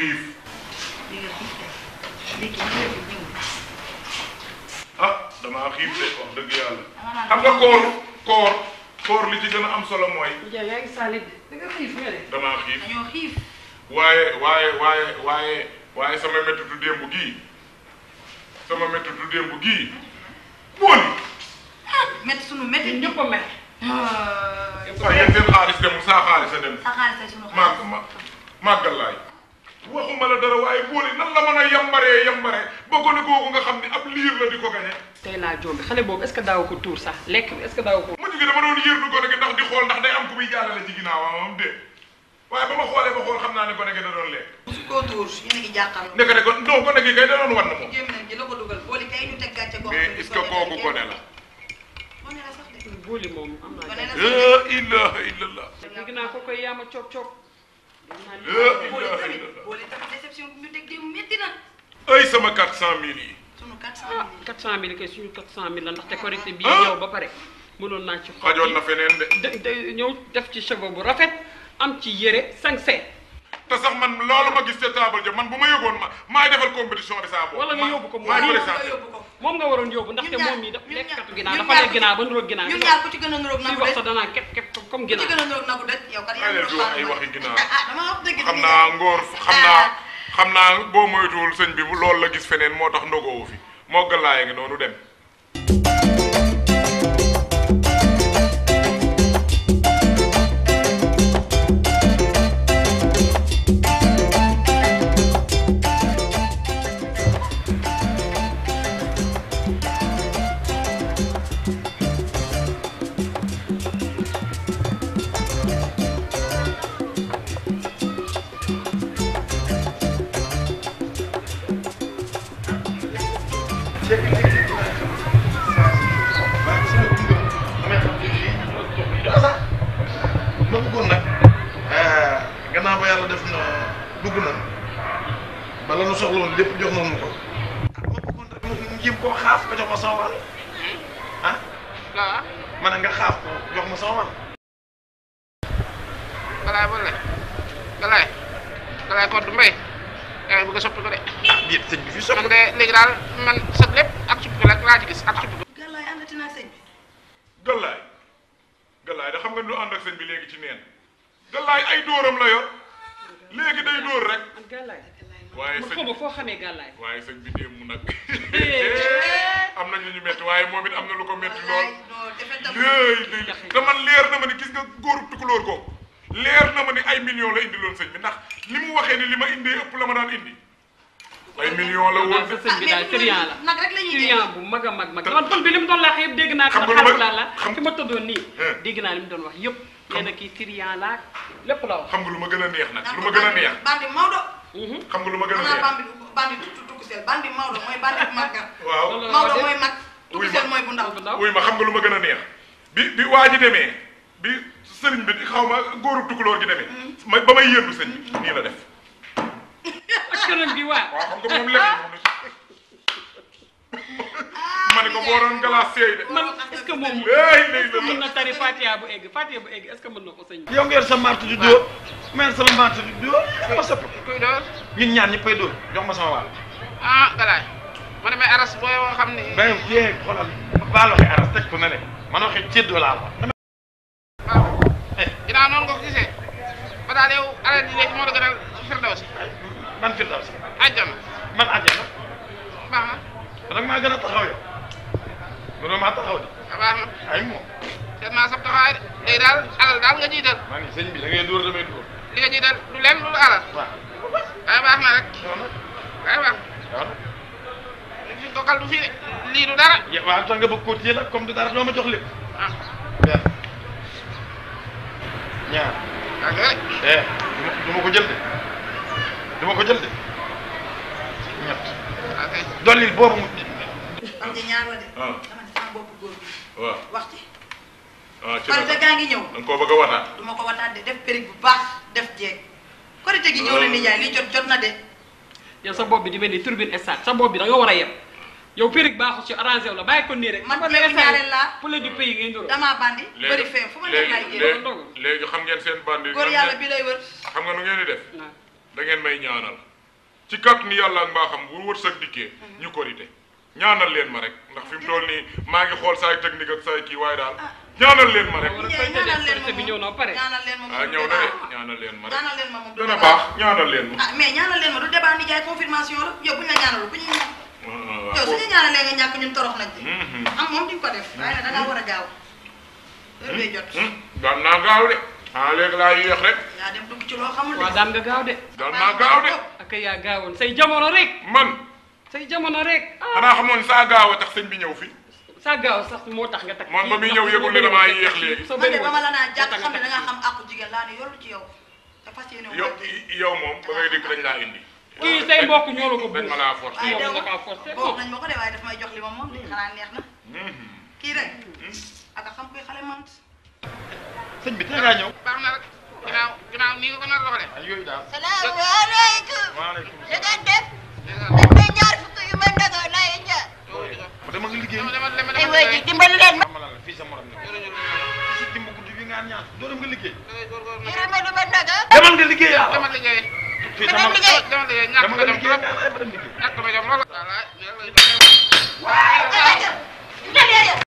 xiif ah damaa xiif de wax dëgg yàlla xam koor koor koor li ci gën am solo mooy damaa xiif waaye waaye waaye waaye waaye sama mettitu démb gii sama mettitu démb gii wóol ah, métti sunu métti ñëpp a métti. waaw yéen xaalis dem saa xaalis a dem. sa xaalis waaye boole nan la mën a yambaree yambaree ba gone googu nga xam ne ab liir la di ko gañe tey laa jombi xale boobu est-ce daaw ko tuur sax lekk bi est daaw ko mujj gi de waaye ba naa ne gone gi da doon lekk su kay da wan moom moom am naa la ilaha illallah dégg ko koy yaama coog coog boole tamit déception bu ñu teg dem métti na. ay sama 400000 yi. sunu 400000 ah 400000 kay suñu 400000 la ndaxte ah. korité bii ñëw ba pare. mënoon naa ci xool xajoon na feneen de. de ñëw def ci cheveux bu rafet am ci yére sañse. te sax man loolu ma gis ca table ja man bu ma yëgoon ma maay defal compétition de saa boobu. wala nga yóbbu ko moom maay ko moom nga waroon yóbbu ndaxte moom mii dafa lekk katu ginaar dafa lekk ginaar ba niróo ginaar. ñun ñaar ku ci gën a niróo nag de wax sa danaa képp comme ginaar ku ci a wax eh, ay waxi ginaar ah, dama xam naa ngóor xam ah. naa xam naa boo moytuwul sëñ bi loolu la gis feneen moo tax ndogoowu fi moo gëlaay ngi noonu dem a jox nañu ko ma bëggoon rek ma jéem koo xaaf nga jox ma sama wàll ah waaw ma ne nga xaaf ko jox ma sama wàll balaay balaay balaay balaay Codou Mbaye yaa ngi soppi ko de ah déet sëñ soppi man de man lépp ak ci gis ak suppu. xam nga lu ànd bi léegi ci neen gàllaay ay dóoram la yor léegi day dóor rek. waaye sëñ bi foo xamee waaye sëñ bi démb nag. Eh. am nañ lu ñu métti waaye moom it am na lu ko métti lool. léegi te man leer na ma ni gis nga góoru tukulóor ko leer na ma ni ay millions la indi loon sëñ bi ndax li mu waxee ni li ma indee ëpp la ma daan indi. ay millions la woon. Ah, nag rek la ñuy client bu mag a mag mag. man fan bi li mu doon laax yëpp dégg naa. xam nga lu ma xam fi ma tëddoon nii. dégg naa li mu doon wax yëpp. xam nga kii client laa lépp la wax. xam nga lu ma gën a neex nag lu ma gën a neex. bandi Maodo. Mhm. xam nga lu ma gën a neex bandi bandi tukkusel bandi Maodo mooy bandi bu mag. waaw Maodo mooy mag. tukkusel mooy bu ndaw. wuy ma xam nga lu ma gën a neex bi bi waa ji demee bi sëriñ bi xaw ma góoru tukulóor gi demee. Mhm. ma ba may yëndu sëñ bi nii la def sëriñ bi waaw. waaw xam nga moom lépp moom ma ne ko boo doon galaas seey de. man est-ce que moom mën na tari Fatiha bu egg Fatiha bu egg est-ce que mën na ko sëñ bi. yow nga yor sa martu di dóor. ma yor sama martu di dóor. ma sëpp kuy dóor. ñun ñaar ñëppay dóor jox ma sama wàll. ah galaay ma ne may aras booy woo xam ne. ba jeex xoolal baal waxee aras teg ko ne le man waxee ceddo laa wax. Ah. Eh, ginnaaw noonu nga ko gisee ba daal yow arrêté léegi moo la gënal firdaw si. man firdaws si. àjjana man àjjana. baax na. nag maa gën a taxaw yow. mënoo maa taxaw di. Ah, baax na ay moom. seet naa sab taxawaay de. day daal alal daal nga jiital. maa ngi sëñ bi da ngay dóor damay dóor. li nga jiital du lenn lu alal. waaw waaye ah, baax na rek. waaye ah, baax na. li fi dogal du fi lii du dara. waaw tax nga bëgg ko téye nag comme du dara doo ma jox lépp. ah. benn ñaar. ah nga ne. eh du ma ko jël de. dama ko jël de ñett dollil boobu mu am ci ñaar la de ah. dama ci sama bopp góor bi waaw ah, koo bëgg a wataat du ko wataat de def périg bu baax def jeeg korite gi ñëw la ah. nijaay li jot na de sa bopp bi di mel ni turbine sa bopp bi war a yem yow périg baaxul ci arrangé wu la bàyyi ko nii rek man léegi ñaareel laa poulet du pays ngay ndoro damaa bandi ma léegi léegi xam ngeen seen bandi góor yàlla bi lay wër xam nga nu ngeen di def dangeen ngeen may ñaanal ci kat ni yàlla ak mbaaxam bu wërsëg dikkee ñu mhm. korite ñaanal leen ma rek ndax fi mu toll nii maa ngi xool saay technique ak saay kii waaye daal ah. ah, ñaanal leen ma rek. ñaanal leen ñëw na de ñaanal leen ma rek. leen ma moom dana baax ñaanal leen ma. ah mais ñaanal leen ma du débat ni jaay confirmation la yow ñu ñaanal ku ñuy ñaan. su ñu ñaanalee nga ñàkk ñun torox nañ ci. am mhm. ah, moom di ko def. Mhm. waaye nag da war a gaaw. heure bee jot. Hmm? daan naa gaaw de. ah léegi laa yéex rek. yaa dem dugg ci loo xamul de. waaw gaaw de. daan naa gaaw de. say jamono rek. man. say jamono rek. Ah. xanaa xamoon saa gaaw a tax sëñ bi ñëw fi sa gaaw sax moo tax ga takk moom ba muy ñëw yëgul ne damaa man ma la naan jàpp xam ne da nga xam àqu jigéen ci yow te yow yow moom ba ngay dégg dañ laa indi kii say mbokk ñoo la ko ma laa forcé yow nga ma ko de waaye daf jox li ma moom xanaa na mm-hmm. kii rek mm-hmm. sëñ bi tey ngaa ñëw. baax na rek ginnaaw ginnaaw nii nga ko nar a doxalee. ak ah, yooyu daal. salaamaaleykum. waaleykum salaam. da ngeen def. dañ koy ñaar fukk yu ma ndagoo laay ñaar. ma dama nga liggéey. ay waay ji dimbali leen ma. fii sa morom la. si dimb guddi bi nga ñaan doo dem nga liggéey. yërëma lu ma ndagoo. demal nga liggéey yàlla. demal liggéey. fii dama dama liggéey. dama liggéey ñàkk ma dem trop. ñàkk ma dem lool. voilà.